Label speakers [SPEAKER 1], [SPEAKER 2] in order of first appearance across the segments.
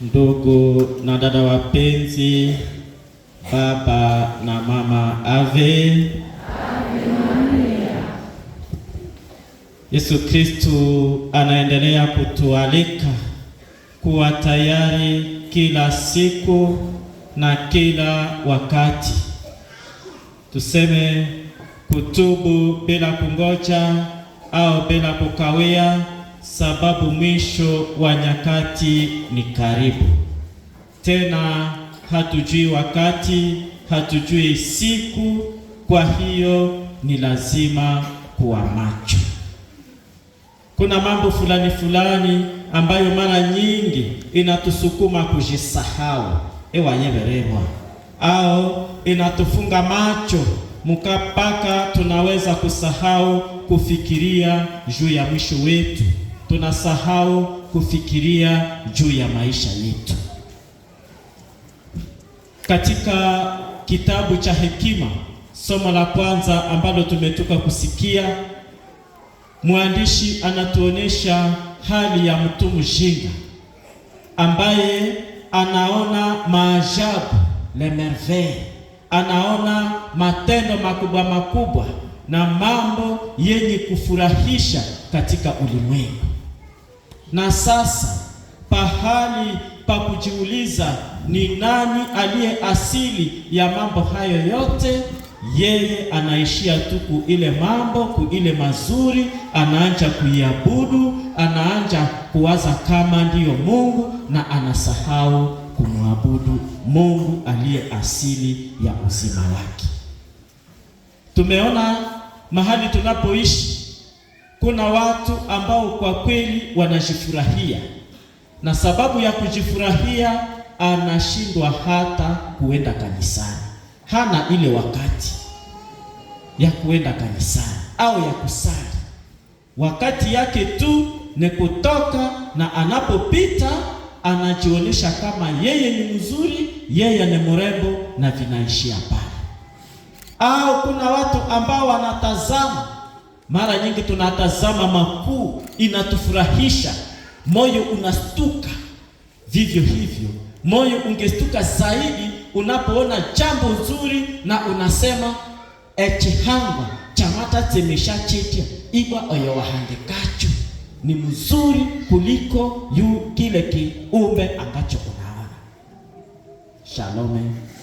[SPEAKER 1] ndugu na dada wapenzi, baba na mama, ave Yesu Kristu anaendelea kutualika kuwa tayari kila siku na kila wakati. Tuseme kutubu bila kungoja au bila kukawia sababu mwisho wa nyakati ni karibu. Tena hatujui wakati, hatujui siku, kwa hiyo ni lazima kuwa macho. Kuna mambo fulani fulani ambayo mara nyingi inatusukuma kujisahau ewanyeveremwa au inatufunga macho mukapaka tunaweza kusahau kufikiria juu ya mwisho wetu tunasahau kufikiria juu ya maisha yetu. Katika kitabu cha Hekima somo la kwanza ambalo tumetoka kusikia, mwandishi anatuonesha hali ya mtu mjinga ambaye anaona maajabu le merveille, anaona matendo makubwa makubwa na mambo yenye kufurahisha katika ulimwengu. Na sasa pahali pa kujiuliza ni nani aliye asili ya mambo hayo yote? Yeye anaishia tu ku ile mambo ku ile mazuri, anaanja kuiabudu, anaanja kuwaza kama ndiyo Mungu na anasahau kumwabudu Mungu aliye asili ya uzima wake. Tumeona mahali tunapoishi kuna watu ambao kwa kweli wanajifurahia, na sababu ya kujifurahia anashindwa hata kuenda kanisani, hana ile wakati ya kuenda kanisani au ya kusali. Wakati yake tu ni kutoka, na anapopita anajionyesha kama yeye ni mzuri, yeye ni mrembo, na vinaishia pale. Au kuna watu ambao wanatazama mara nyingi tunatazama makuu, inatufurahisha, moyo unastuka. Vivyo hivyo, moyo ungestuka zaidi unapoona jambo nzuri na unasema echihangwa chamata chetia igwa oyo wahangikacho ni mzuri kuliko yu kile kiumbe ambacho unaona. Shalome,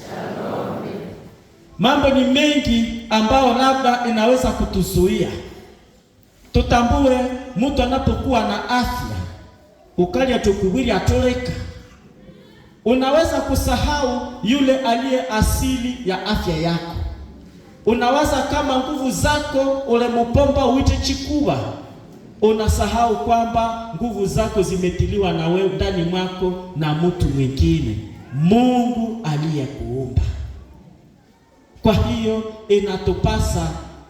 [SPEAKER 2] shalome.
[SPEAKER 1] Mambo ni mengi ambayo labda inaweza kutuzuia tutambue mtu anapokuwa na afya ukaja tukuwili atoleka, unaweza kusahau yule aliye asili ya afya yako. Unaweza kama nguvu zako ulemupomba uite chikuba unasahau kwamba nguvu zako zimetiliwa na wewe ndani mwako na mtu mwingine, Mungu aliyekuumba. Kwa hiyo inatupasa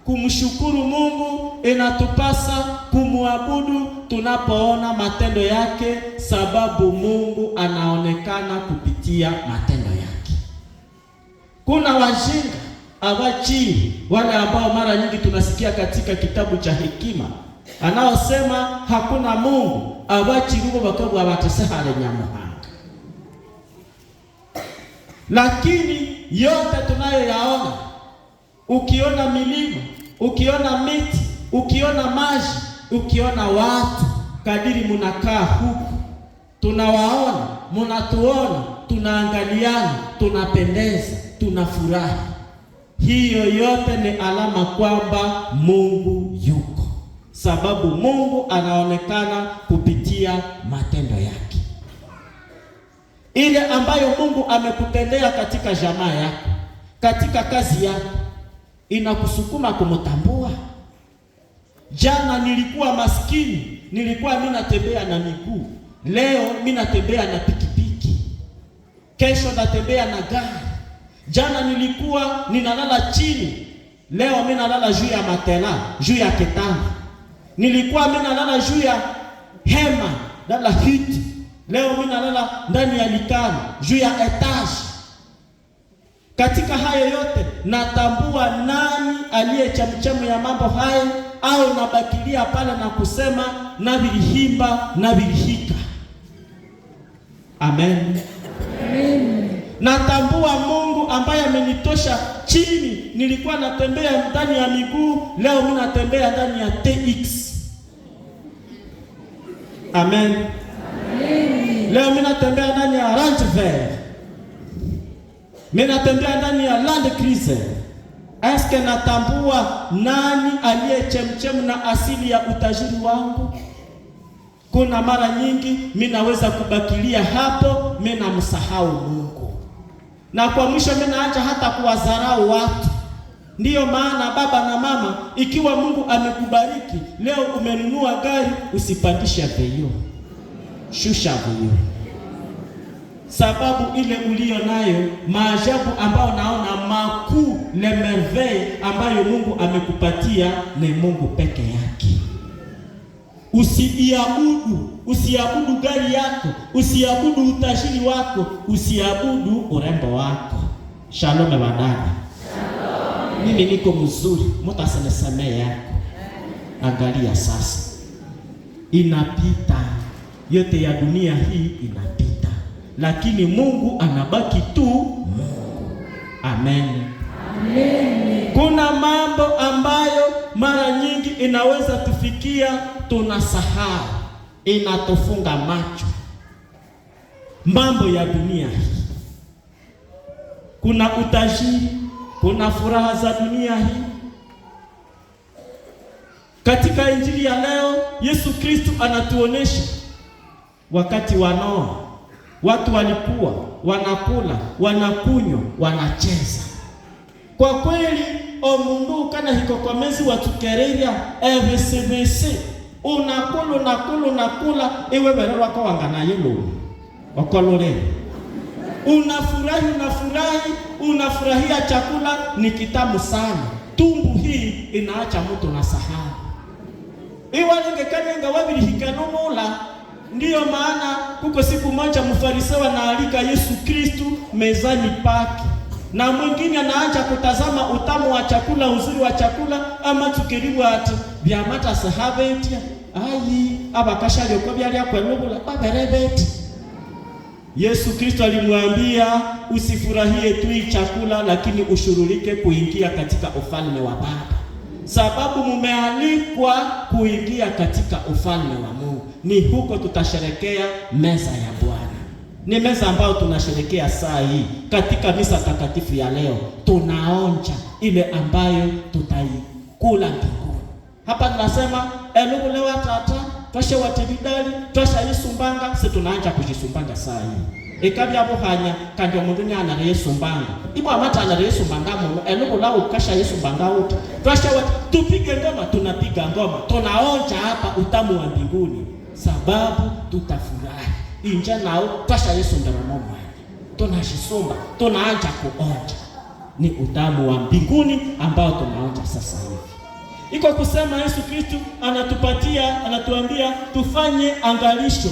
[SPEAKER 1] kumshukuru Mungu, inatupasa kumwabudu tunapoona matendo yake, sababu Mungu anaonekana kupitia matendo yake. Kuna wajinga awachii, wale ambao mara nyingi tunasikia katika kitabu cha hekima anaosema hakuna Mungu awachiruvo vakabwa vatasehale nyamuhanga. Lakini yote tunayoyaona, ukiona milima ukiona miti, ukiona maji, ukiona watu, kadiri munakaa huku, tunawaona munatuona, tunaangaliana, tunapendeza, tunafurahi. Hiyo yote ni alama kwamba Mungu yuko, sababu Mungu anaonekana kupitia matendo yake, ile ambayo Mungu amekutendea katika jamaa yako, katika kazi yako inakusukuma kumtambua. Jana nilikuwa maskini, nilikuwa mimi natembea na miguu, leo mimi natembea na pikipiki, kesho natembea na gari. Jana nilikuwa ninalala chini, leo mimi nalala juu ya matela, juu ya kitanda. Nilikuwa mimi nalala juu ya hema, lala hiti, leo mimi nalala ndani ya likalo juu ya etage katika hayo yote natambua nani aliye chamchamu ya mambo hayo, au nabakilia pale na kusema na vilihika. Amen,
[SPEAKER 2] amen.
[SPEAKER 1] Natambua Mungu ambaye amenitosha chini. Nilikuwa natembea ndani ya miguu, leo mimi natembea ndani ya TX. Amen,
[SPEAKER 2] amen.
[SPEAKER 1] Leo mimi natembea ndani ya Range Rover mimi natembea ndani ya land crise. Eske natambua nani aliyechemchemu na asili ya utajiri wangu. Kuna mara nyingi minaweza naweza kubakilia hapo, mimi namsahau Mungu, na kwa mwisho mimi naacha hata kuwadharau watu. Ndiyo maana baba na mama, ikiwa Mungu amekubariki leo, umenunua gari, usipandisha bei, shusha bei sababu ile uliyo nayo, maajabu ambayo naona makuu le merveille ambayo Mungu amekupatia ni Mungu peke yake. Usiiabudu, usiabudu gari yako, usiabudu utajiri wako, usiabudu urembo wako. Shalome wadada, mimi niko mzuri, mutasemesemee yako. Angalia sasa, inapita yote ya dunia hii inapita lakini Mungu anabaki tu Mungu. Amen.
[SPEAKER 2] Amen.
[SPEAKER 1] Kuna mambo ambayo mara nyingi inaweza tufikia, tunasahau, inatufunga macho, mambo ya dunia hii. Kuna utajiri, kuna furaha za dunia hii. Katika injili ya leo Yesu Kristo anatuonesha wakati wa Noa watu walikuwa wanakula, wanakunywa, wanacheza. Kwa kweli omundu ukana hikokomezi watsukerirya ebisibisi unakula unakula unakula iwe wero wako wanganayelumi okololele unafurahi unafurahi unafurahia chakula ni kitamu sana. Tumbu hii inaacha mtu na sahau iwalengekana inga Ndiyo maana kuko siku moja mfarisayo anaalika Yesu Kristu mezani pake, na mwingine anaanza kutazama utamu wa chakula, uzuri wa chakula, ama tukiribu ati vyamata sahabetia ayi abakashalioka byaliakwenubula baberebeti. Yesu Kristo alimwambia usifurahie tu chakula, lakini ushurulike kuingia katika ufalme wa Baba sababu mumealikwa kuingia katika ufalme wa Mungu. Ni huko tutasherekea meza ya Bwana. Ni meza ambayo tunasherekea saa hii katika misa takatifu ya leo, tunaonja ile ambayo tutaikula mbinguni. Hapa tunasema elugulewa tata twashe watibidali twasha yisumbanga, si tunaanja kujisumbanga saa hii buhanya kandi omundu nianara yesumbanga ibwa amata anara yesumbanga muno elubula ukasha yesumbanga uta twashawa tupige ngoma tunapiga ngoma tunaonja hapa utamu wa mbinguni sababu tutafurahi inje nao twasha yesumbera momwanya tunashisumba tunaanja kuonja ni utamu wa mbinguni ambao tunaonja sasa hivi iko kusema Yesu Kristu anatupatia anatuambia tufanye angalisho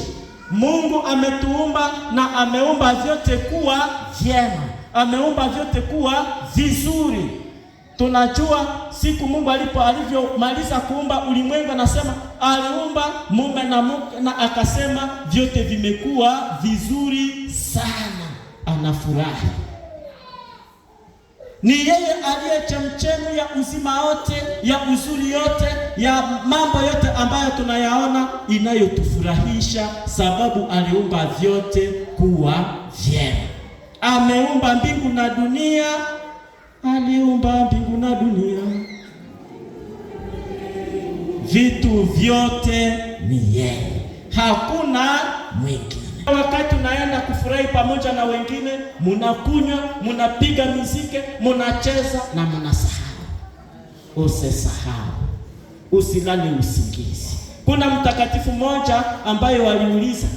[SPEAKER 1] Mungu ametuumba na ameumba vyote kuwa vyema, ameumba vyote kuwa vizuri. Tunajua siku Mungu alipo alivyomaliza kuumba ulimwengu, anasema aliumba mume na mke, na akasema vyote vimekuwa vizuri sana. Anafurahi ni yeye aliye chemchemi ya uzima wote, ya uzuri yote, ya mambo yote ambayo tunayaona inayotufurahisha, sababu aliumba vyote kuwa vyema. Ameumba mbingu na dunia, aliumba mbingu na dunia, vitu vyote ni yeye, hakuna mwingine. Wakati unaenda kufurahi pamoja na wengine, munakunywa, munapiga muziki, munacheza na munasahau. Usisahau, usilale usingizi. Kuna mtakatifu mmoja ambaye waliuliza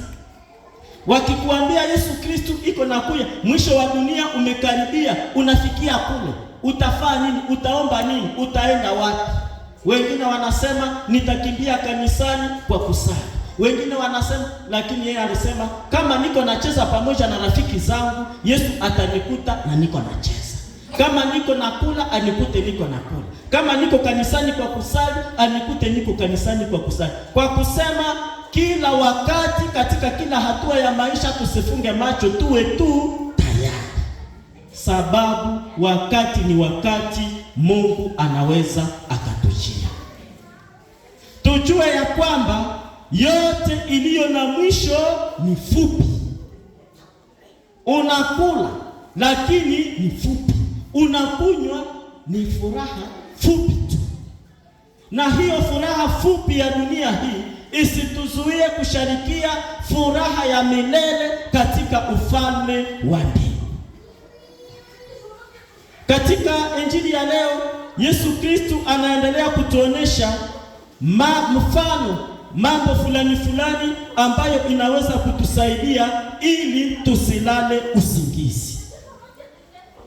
[SPEAKER 1] wakikuambia Yesu Kristu iko na kuya, mwisho wa dunia umekaribia, unafikia kule, utafaa nini? Utaomba nini? Utaenda wapi? Wengine wanasema nitakimbia kanisani kwa kusali wengine wanasema lakini yeye alisema kama niko nacheza pamoja na rafiki zangu, Yesu atanikuta na niko nacheza. Kama niko nakula anikute niko nakula. Kama niko kanisani kwa kusali anikute niko kanisani kwa kusali. Kwa kusema kila wakati katika kila hatua ya maisha tusifunge macho, tuwe tu tayari, sababu wakati ni wakati, Mungu anaweza akatujia. Tujue ya kwamba yote iliyo na mwisho ni fupi. Unakula lakini ni fupi, unakunywa ni furaha fupi tu, na hiyo furaha fupi ya dunia hii isituzuie kusharikia furaha ya milele katika ufalme wa mbinguni. Katika injili ya leo Yesu Kristu anaendelea kutuonesha mfano mambo fulani fulani ambayo inaweza kutusaidia ili tusilale usingizi.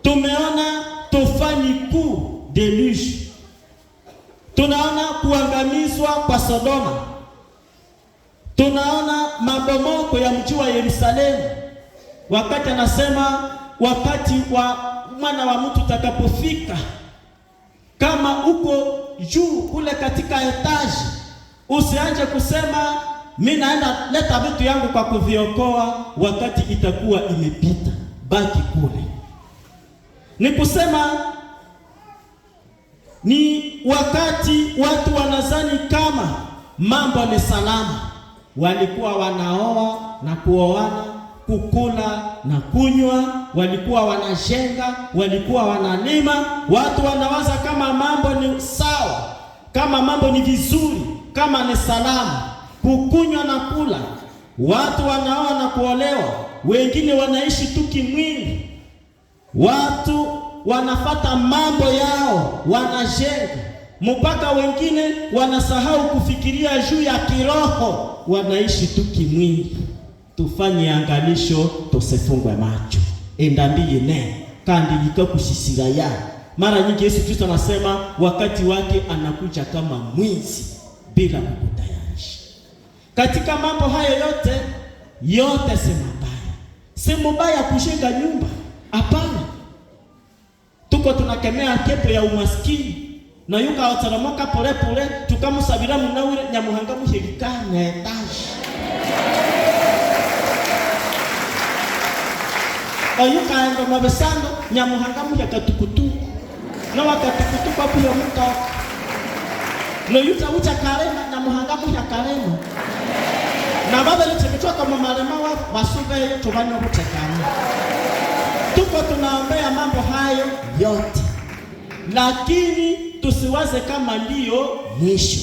[SPEAKER 1] Tumeona tofani kuu deluge, tunaona kuangamizwa kwa Sodoma, tunaona mabomoko ya mji wa Yerusalemu, wakati anasema wakati wa mwana wa mtu utakapofika, kama uko juu kule katika etaji Usianje kusema mimi naenda leta vitu yangu kwa kuviokoa, wakati itakuwa imepita, baki kule. Ni kusema ni wakati watu wanazani kama mambo ni salama, walikuwa wanaoa na kuoana, kukula na kunywa, walikuwa wanajenga, walikuwa wanalima. Watu wanawaza kama mambo ni sawa, kama mambo ni vizuri kama ni salamu, kukunywa na kula. Watu wanaoa na kuolewa, wengine wanaishi tu kimwili. Watu wanafata mambo yao, wanajenga mpaka wengine wanasahau kufikiria juu ya kiroho, wanaishi tu kimwili. Tufanye angalisho, tusifungwe macho endambiye ne kandi yika kushisira ya mara nyingi. Yesu Kristo anasema wakati wake anakuja kama mwizi bila kukutayarisha. Katika mambo hayo yote yote, si mabaya, si mubaya kushinga nyumba, hapana. Tuko tunakemea kepo ya umaskini na yuka otaramoka pole pole tukamusabira munawire nyamuhanga mushirikanya etashi oyukaenda mabesando nyamuhanga mushakatukutuku na wakatukutuku apuya mukaka noyuta karema na ya karema na vavelicimicwaka mumalema wa vasuveyo tuvane vutekano tuko tunaombea mambo hayo yote, lakini tusiwaze kama ndiyo mwisho.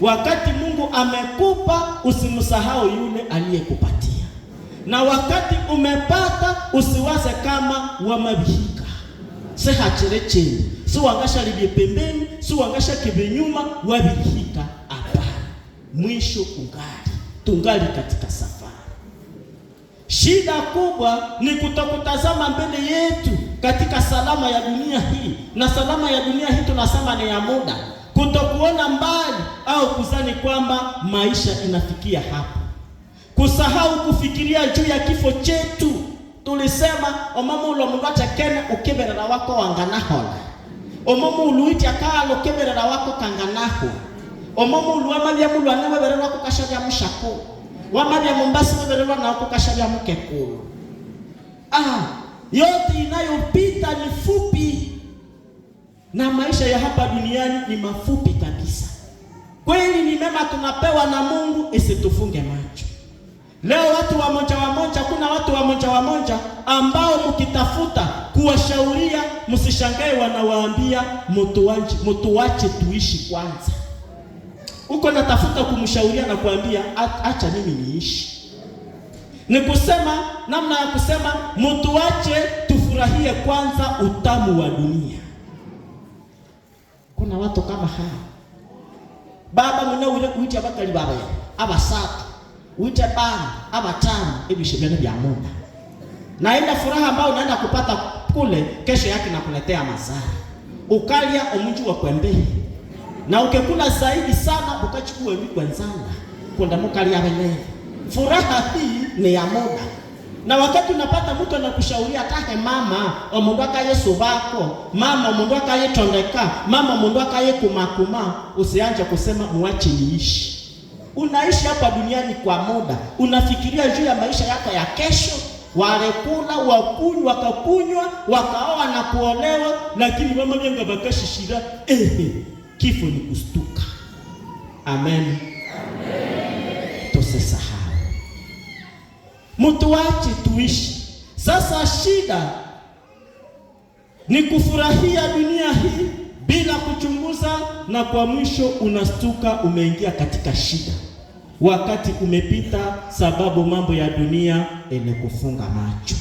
[SPEAKER 1] Wakati Mungu amekupa usimsahau yule aliyekupatia, na wakati umepata usiwaze kama wamavihika sehachile chini wangasha libye pembeni wangasha kebe nyuma wavihika hapa mwisho kungali tungali katika safari. Shida kubwa ni kutokutazama mbele yetu katika salama ya dunia hii, na salama ya dunia hii tunasema ni ya muda, kutokuona mbali au kuzani kwamba maisha inafikia hapa, kusahau kufikiria juu ya kifo chetu. Tulisema omama ulomungacha kena ukebelala wako wanganahola omomo uluiti akaalo keberera wako kanganaho omomo ulu wamavya mulu ane wevererwa kukashavya mushako wamavya mombasi wevererwa nao kukashavya mukekulu ah, yote inayopita ni fupi na maisha ya hapa duniani ni mafupi kabisa. Kweli ni mema tunapewa na Mungu, isitufunge macho. Leo watu wamoja wamoja, kuna watu wamoja wamoja ambao mukitafuta kuwashauria, msishangae wanawaambia mutuache, mutuache tuishi kwanza. Uko natafuta kumshauria na kuambia acha mimi niishi, ni kusema namna ya kusema mutuache tufurahie kwanza utamu wa dunia. Kuna watu kama hao baba mune ule kuita bakali baba abasatu uite bana abatano ibishimene bya Mungu naenda furaha ambayo unaenda kupata kule, kesho yake nakuletea mazao ukalya omuji wa kwembei na ukekula zaidi sana ukachukua mikwenzanga kunda mukalya wenyewe. Furaha hii ni ya muda, na wakati unapata mtu anakushauria tahe mama omundu akaye subako mama omundu tondeka mama omundu kumakuma, usianje kusema muache niishi. Unaishi hapa duniani kwa muda, unafikiria juu ya maisha yako ya kesho warekula wakunywa wakakunywa wakaoa na kuolewa, lakini mama vyanga vakashishira ehe, kifo ni kustuka. Amen,
[SPEAKER 2] amen.
[SPEAKER 1] Tosesahau mtu wache tuishi sasa. Shida ni kufurahia dunia hii bila kuchunguza, na kwa mwisho unastuka, umeingia katika shida wakati umepita, sababu mambo ya dunia imekufunga macho,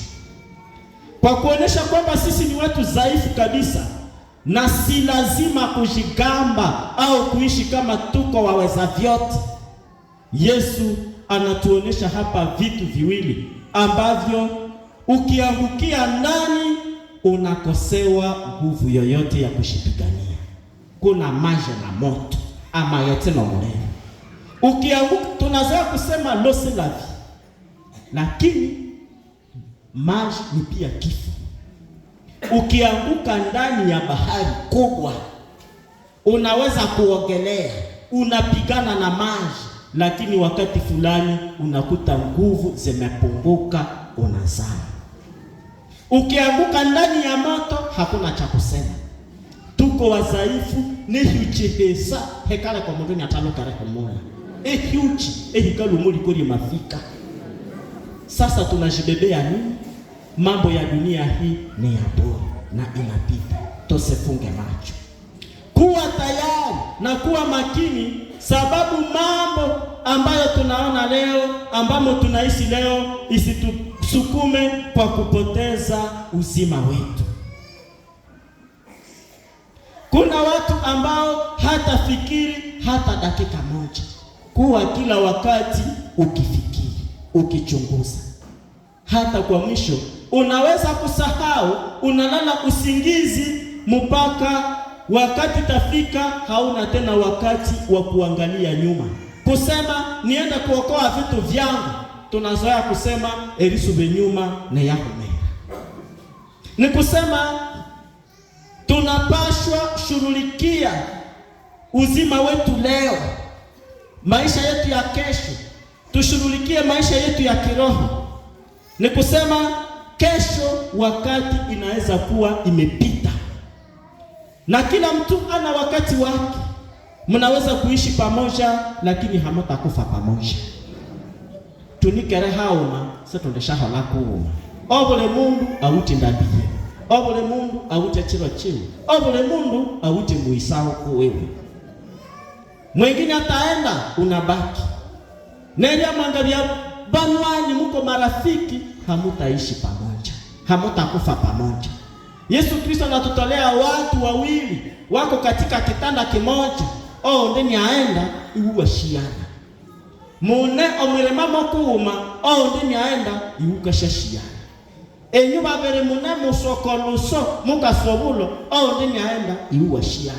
[SPEAKER 1] kwa kuonesha kwamba sisi ni watu dhaifu kabisa, na si lazima kujigamba au kuishi kama tuko waweza vyote. Yesu anatuonesha hapa vitu viwili ambavyo ukiangukia ndani unakosewa nguvu yoyote ya kushipigania. Kuna maji na moto ama yote na mlema Ukianguka tunazoea kusema lose la vie, lakini maji ni pia kifo. Ukianguka ndani ya bahari kubwa, unaweza kuogelea, unapigana na maji, lakini wakati fulani unakuta nguvu zimepunguka, unazama. Ukianguka ndani ya moto, hakuna cha kusema. Tuko wazaifu, ni hujihesa hekale kwa munduni atalo kare kumoya ehuji ehikalu muliko limafika. Sasa tunajibebea nini? Mambo ya dunia hii ni ya bure na inapita, tusifunge macho. Kuwa tayari na kuwa makini, sababu mambo ambayo tunaona leo, ambamo tunaishi leo, isitusukume kwa kupoteza uzima wetu. Kuna watu ambao hatafikiri hata dakika moja kuwa kila wakati ukifikiri, ukichunguza. Hata kwa mwisho unaweza kusahau, unalala usingizi mpaka wakati tafika, hauna tena wakati wa kuangalia nyuma, kusema nienda kuokoa vitu vyangu. Tunazoea kusema erisube nyuma na yahome, ni kusema tunapashwa shughulikia uzima wetu leo maisha yetu ya kesho, tushughulikie maisha yetu ya kiroho. Ni kusema kesho, wakati inaweza kuwa imepita, na kila mtu ana wakati wake. Mnaweza kuishi pamoja, lakini hamutakufa pamoja. tunikere hauma setondeshahola kuuma obule mundu auti ndabiye obule mundu auti chilo chiwe obule mundu auti muisao kuwewe mwingine ataenda, unabaki nerya mwangalia banwani, muko marafiki, hamutaishi pamoja, hamutakufa pamoja. Yesu Kristo anatutolea watu wawili wako katika kitanda kimoja, oo ndeni aenda iuwashiana mune omwirema mokuuma oo ndeni aenda iukashashiana enyu babere mune musokoluso mukasobulo oo ndeni aenda iuwashiana.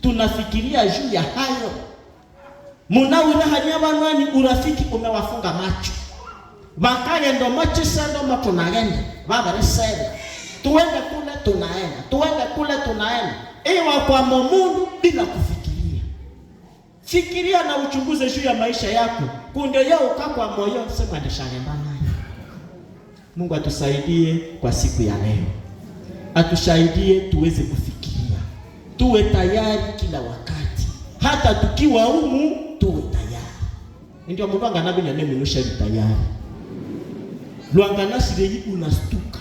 [SPEAKER 1] Tunafikiria juu ya hayo munawina hanya banwani urafiki umewafunga macho ndo macho bakagenda machesendo matunagenda babarisenda tuende kule tunaenda tuende kule tunaenda ewa kwa mumundu bila kufikiria fikiria na uchunguze juu ya maisha yako kunde yao ukakwa moyo sema ndishalemba nayo Mungu atusaidie kwa siku ya leo atusaidie tuweze kufikiria tuwe tayari kila wakati hata tukiwa humu tuwe tayari ndio mundu anganabinane minushari tayari lwanganasirei unastuka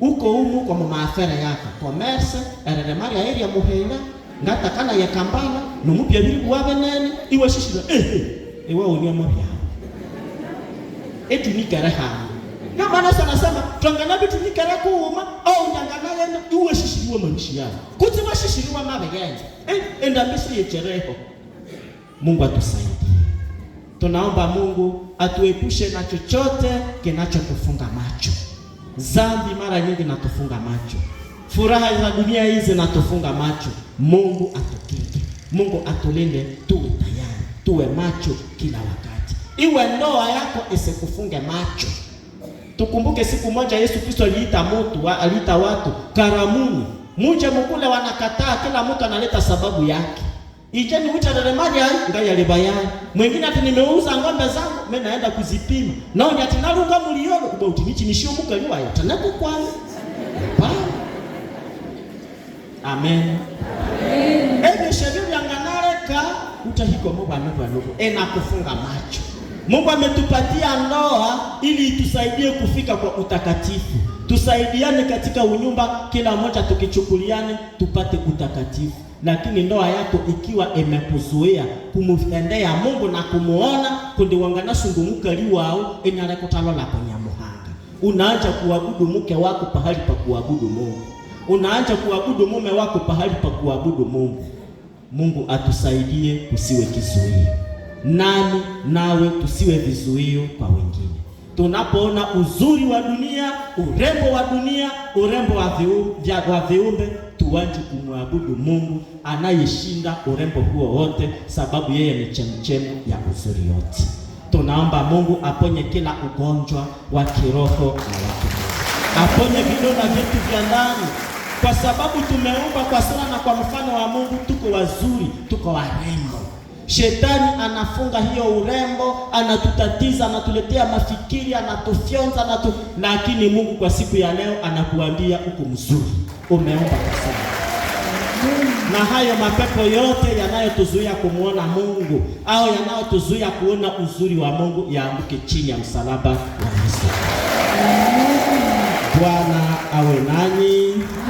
[SPEAKER 1] uko umu kwa mamaafera yaka komese ereremari aeri ya muhenga ngatakana ya kambana nomupya biri buwabenene iwe shishira ehe eh, iwe uniamo byawe etunikere hamu namana sana sana twanganabi tunikere kuuma au nyanganayena iwe shishiriwe manishi yawe kutima shishiriwe mabeyenje eh, endambisi yechereho Mungu atusaidie. Tunaomba Mungu atuepushe na chochote kinachotufunga macho. Zambi mara nyingi natufunga macho, furaha za dunia hizi natufunga macho. Mungu atukinge, Mungu atulinde, tuwe tayari, tuwe macho kila wakati, iwe ndoa yako isikufunge macho. Tukumbuke siku moja Yesu Kristo aliita mtu aliita watu karamuni, muje mukule, wanakataa, kila mtu analeta sababu yake ije ni Icheni mwicha nelemanya ngai yalebayani. Mwingine ati nimeuza ng'ombe zangu, mimi naenda kuzipima. Naoni ati narunga muliyolo kuba uti nichi nishiumuka liwa ya tanaku kwani. Pa. Amen.
[SPEAKER 2] Amen.
[SPEAKER 1] Ebe shebibi anganareka utahiko Mungu amepa ndugu. Ena kufunga macho. Mungu ametupatia ndoa ili itusaidie kufika kwa utakatifu. Tusaidiane katika unyumba, kila mmoja tukichukuliane tupate utakatifu lakini ndoa yako ikiwa imekuzuia kumutendea Mungu na kumuona kundi kundiwangana sungumukali wao enyalekutalola kwenye muhanga, unaanza kuabudu mke wako pahali pa kuabudu Mungu, unaanza kuabudu mume wako pahali pa kuabudu Mungu. Mungu atusaidie tusiwe kizuio, nani nawe tusiwe vizuio kwa wengine. Tunapoona uzuri wa dunia, urembo wa dunia, urembo wa viumbe uache kumwabudu Mungu anayeshinda urembo huo wote, sababu yeye ni chemchemu ya uzuri yote. Tunaomba Mungu aponye kila ugonjwa wa kiroho na wa kimwili, aponye vidonda vyetu vya ndani, kwa sababu tumeumbwa kwa sura na kwa mfano wa Mungu. Tuko wazuri, tuko warembo. Shetani anafunga hiyo urembo, anatutatiza, anatuletea mafikiri, anatufyonza natu... lakini Mungu kwa siku ya leo anakuambia uko mzuri umeomba sana na hayo mapepo yote yanayotuzuia kumwona Mungu au yanayotuzuia kuona uzuri wa Mungu yaanguke chini ya msalaba wa Yesu. Bwana awe nanyi.